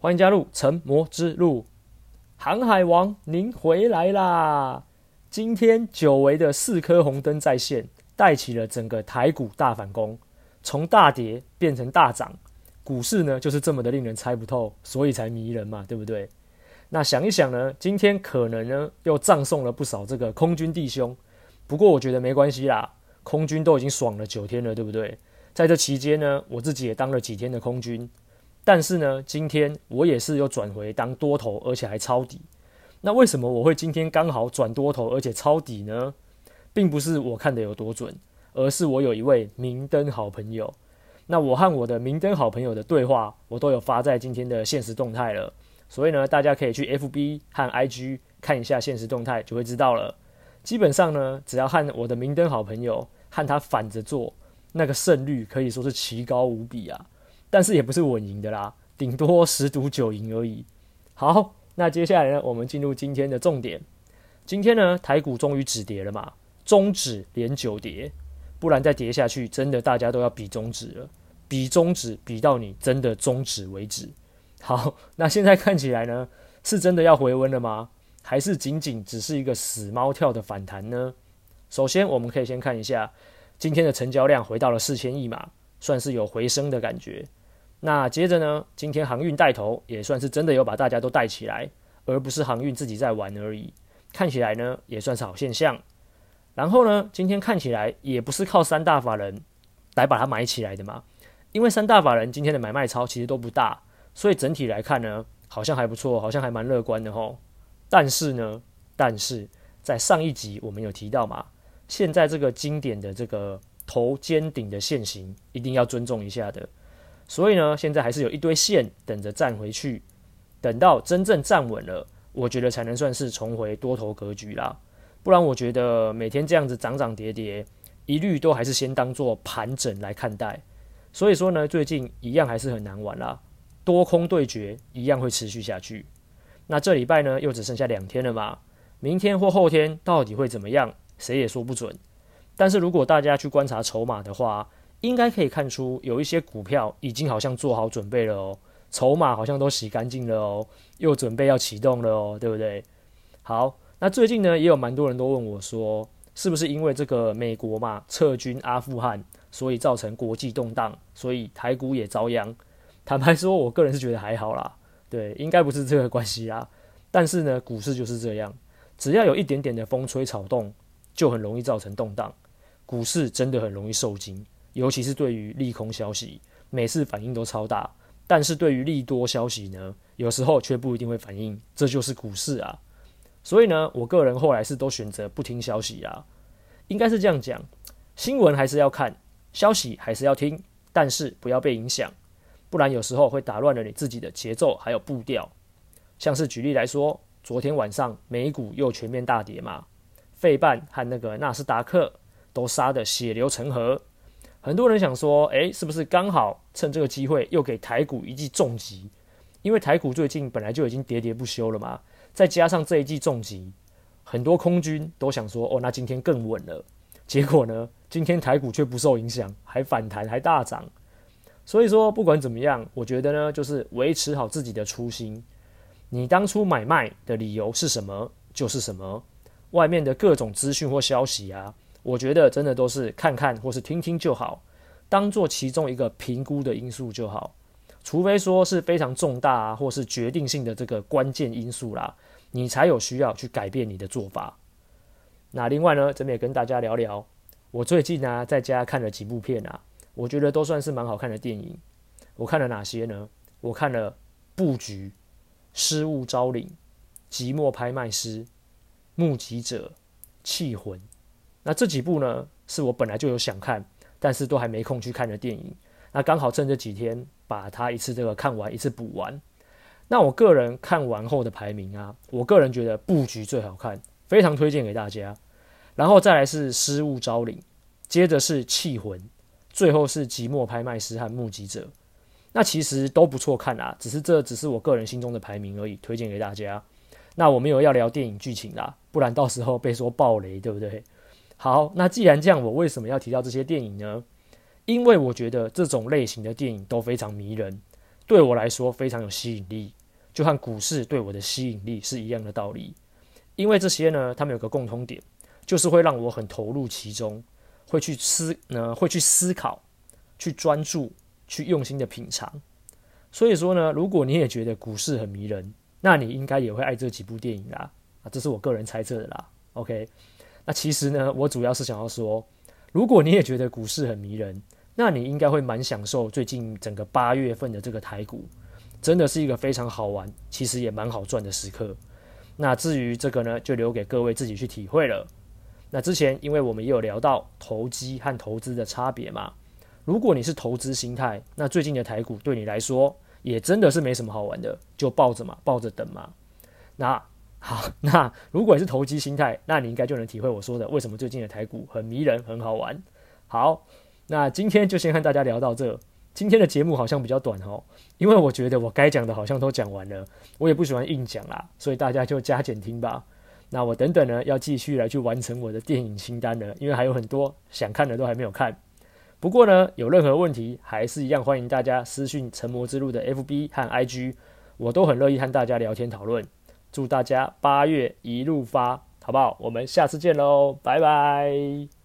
歡迎加入成魔之路，航海王，您回來啦！今天久違的四顆紅燈再現，帶起了整個台股大反攻，從大跌變成大漲，股市呢就是這麼的令人猜不透，所以才迷人嘛，對不對？那想一想呢，今天可能呢又葬送了不少這個空軍弟兄，不過我覺得沒關係啦，空軍都已經爽了九天了，對不對？在這期間呢，我自己也當了幾天的空軍。但是呢，今天我也是又轉回當多頭，而且還抄底。那為什麼我會今天剛好轉多頭而且抄底呢？並不是我看得有多準，而是我有一位明燈好朋友。那我和我的明燈好朋友的對話，我都有發在今天的限時動態了。所以呢，大家可以去 FB 和 IG 看一下限時動態，就會知道了。基本上呢，只要和我的明燈好朋友和他反着做，那個勝率可以說是奇高無比啊。但是也不是穩贏的啦，頂多十賭九贏而已。好，那接下來呢，我們進入今天的重點。今天呢，台股終於止跌了嘛，終止連九跌，不然再跌下去，真的大家都要比中指了，比中指比到你真的終止為止。好，那現在看起來呢，是真的要回溫了嗎？還是僅僅只是一個死貓跳的反彈呢？首先，我們可以先看一下今天的成交量回到了四千億嘛，算是有回升的感覺。那接着呢，今天航運帶頭也算是真的有把大家都帶起來，而不是航運自己在玩而已。看起來呢，也算是好現象。然後呢，今天看起來也不是靠三大法人來把它買起來的嘛，因為三大法人今天的買賣超其實都不大，所以整體來看呢，好像還不錯，好像還蠻樂觀的吼。但是呢，但是在上一集我們有提到嘛，現在這個經典的這個頭肩頂的線型一定要尊重一下的。所以呢，現在還是有一堆線等着站回去，等到真正站穩了，我覺得才能算是重回多頭格局啦。不然我覺得每天這樣子漲漲跌跌，一律都還是先當做盤整來看待。所以說呢，最近一樣還是很難玩啦，多空對決一樣會持續下去。那這禮拜呢，又只剩下兩天了嘛，明天或後天到底會怎麼樣，誰也說不準。但是如果大家去觀察籌碼的話，應該可以看出，有一些股票已經好像做好準備了哦，籌碼好像都洗乾淨了哦，又準備要啟動了哦，對不對？好，那最近呢，也有蠻多人都問我說，是不是因為這個美國嘛，撤軍阿富汗，所以造成國際動盪，所以台股也遭殃？坦白說，我個人是覺得還好啦，對，應該不是這個關係啦。但是呢，股市就是這樣，只要有一點點的風吹草動，就很容易造成動盪，股市真的很容易受驚。尤其是對於利空消息，每次反應都超大；但是對於利多消息呢，有時候卻不一定會反應。這就是股市啊！所以呢，我個人後來是都選擇不聽消息啊。應該是這樣講：新聞還是要看，消息還是要聽，但是不要被影響，不然有時候會打亂了你自己的節奏還有步調。像是舉例來說，昨天晚上美股又全面大跌嘛，費半和那個納斯達克都殺得血流成河。很多人想說，誒，是不是剛好趁這個機會又給台股一記重擊？因為台股最近本來就已經跌跌不休了嘛，再加上這一記重擊，很多空軍都想說，哦，那今天更穩了。結果呢，今天台股卻不受影響，還反彈，還大漲。所以說，不管怎麼樣，我覺得呢，就是維持好自己的初心。你當初買賣的理由是什麼，就是什麼。外面的各種資訊或消息啊。我覺得真的都是看看或是聽聽就好，當做其中一個評估的因素就好。除非說是非常重大啊，或是決定性的這個關鍵因素啦，你才有需要去改變你的做法。那另外呢，這邊也跟大家聊聊，我最近呢，啊，在家看了幾部片啊，我覺得都算是蠻好看的電影。我看了哪些呢？我看了《布局》《失物招領》《寂寞拍賣師》《目擊者》《氣魂》。那這幾部呢，是我本來就有想看，但是都還沒空去看的電影。那剛好趁這幾天，把它一次這個看完，一次補完。那我個人看完後的排名啊，我個人覺得布局最好看，非常推薦給大家。然後再來是《失物招領》，接着是《氣魂》，最後是《寂寞拍賣師》和《目擊者》。那其實都不錯看啊，只是這只是我個人心中的排名而已，推薦給大家。那我沒有要聊電影劇情啦、啊，不然到時候被說爆雷，對不對？好，那既然這樣，我為什麼要提到這些電影呢？因為我覺得這種類型的電影都非常迷人，對我來說非常有吸引力，就和股市對我的吸引力是一樣的道理。因為這些呢，他們有個共通點，就是會讓我很投入其中，會去思呢、呃，會去思考，去專注，去用心的品嘗。所以說呢，如果你也覺得股市很迷人，那你應該也會愛這幾部電影啦。啊，這是我個人猜測的啦。OK。那、啊、其實呢，我主要是想要說，如果你也覺得股市很迷人，那你應該會蠻享受最近整個八月份的這個台股，真的是一個非常好玩，其實也蠻好賺的時刻。那至於這個呢，就留給各位自己去體會了。那之前因為我們也有聊到投機和投資的差別嘛，如果你是投資心態，那最近的台股對你來說也真的是沒什麼好玩的，就抱着嘛，抱着等嘛。那好，那如果是投機心態，那你應該就能體會我說的為什麼最近的台股很迷人、很好玩。好，那今天就先和大家聊到這。今天的節目好像比較短哦，因為我覺得我該講的好像都講完了，我也不喜歡硬講啦，所以大家就加減聽吧。那我等等呢，要繼續來去完成我的電影清單了，因為還有很多想看的都還沒有看。不過呢，有任何問題，還是一樣歡迎大家私訊成魔之路的 FB 和 IG，我都很樂意和大家聊天討論。祝大家八月一路發，好不好？我們下次見嘍，拜拜。